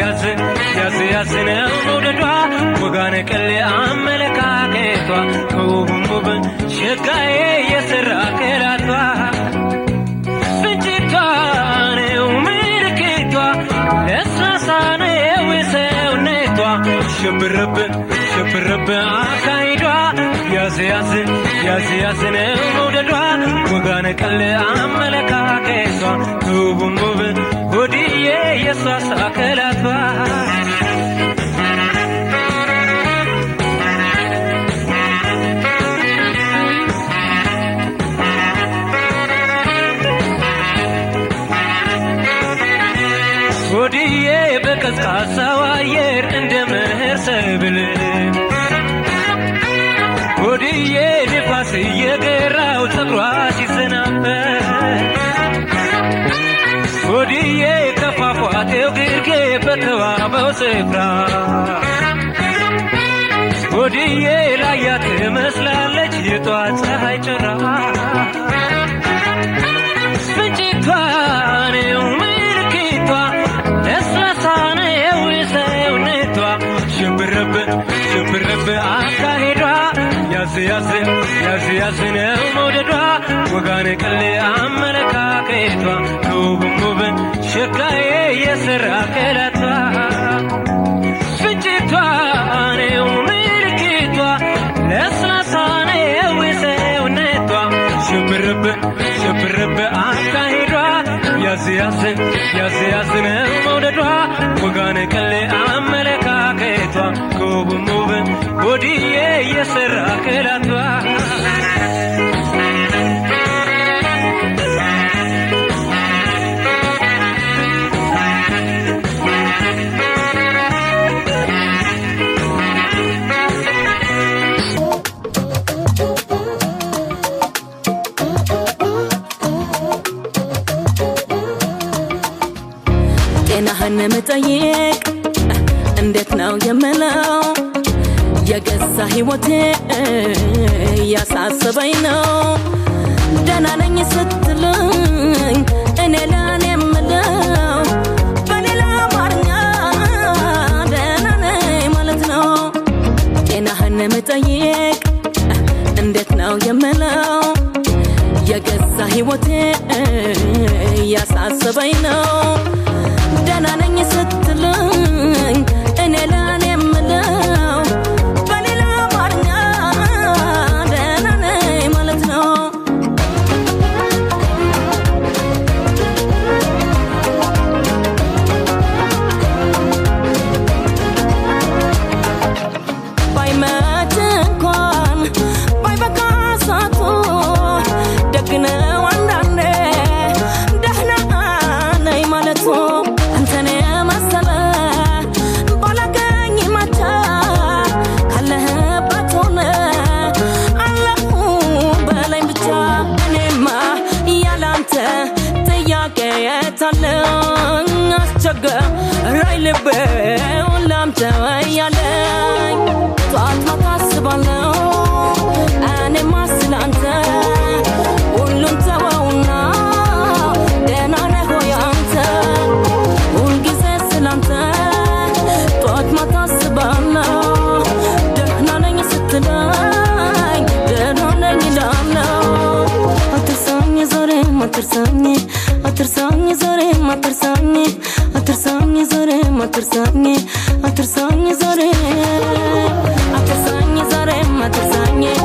ያዝ ያዝ ያዝ ነው መውደዷ ወጋነ ቀሌ አመለካከቷ ከውቡም ውብ ሸጋዬ የሰራ ከላቷ ፍንጭቷ ነው ምልክቷ ለስላሳ ነው አካሂዷ ያዝ ያዝ ያዝ ያዝ ነው መውደዷ ወጋነ አመለካከቷ ወዲዬ ሆድዬ በቀዝቃዛው አየር እንደ መኸር ሰብል ሆድዬ ንፋስ እየገራው ፀጉሯ ሲሰናበት ሆድዬ ከፏፏቴው ግርጌ በተዋበው ስፍራ ሆድዬ ላያ ትመስላለች የጧት ፀሐይ ጭራ አካሄዷ ያዝ ያዝ ያዝ ያዝ ነው መውደዷ ወጋን ቅል አመለካከቷ ከውብም ውብን ሸጋዬ የሰራ ቀላቷ ፍንጭቷ ነው ምልክቷ ለስላሳ ነው ሰውነቷ ሽብርብ ሽብርብ አካሄዷ ያዝ ያዝ ያዝ ያዝ ነው መውደዷ ወጋን ቅል ሆድዬ የሰራ ከላቷ ጤናህን መጠየቅ እንዴት ነው የምለው የገዛ ሕይወቴ እያሳሰበኝ ነው። ደህና ነኝ ስትልኝ እኔ ለኔ የምለው በሌላ አማርኛ ደህና ነኝ ማለት ነው። ጤናህን መጠየቅ እንዴት ነው የምለው የገዛ ሕይወቴ እያሳሰበኝ ነው። ደህና ነኝ ስትልኝ ነው አንዳንዴ ደህና ነኝ ማለቱ አንተን የመሰለ ባላገኝ አለሁ በላይም ብቻ እኔማ ያላንተ ጥያቄ የታለው не зорима, терсані, а терсані зорима, терсані, а терсані зорима, а терсані зорима, терсані.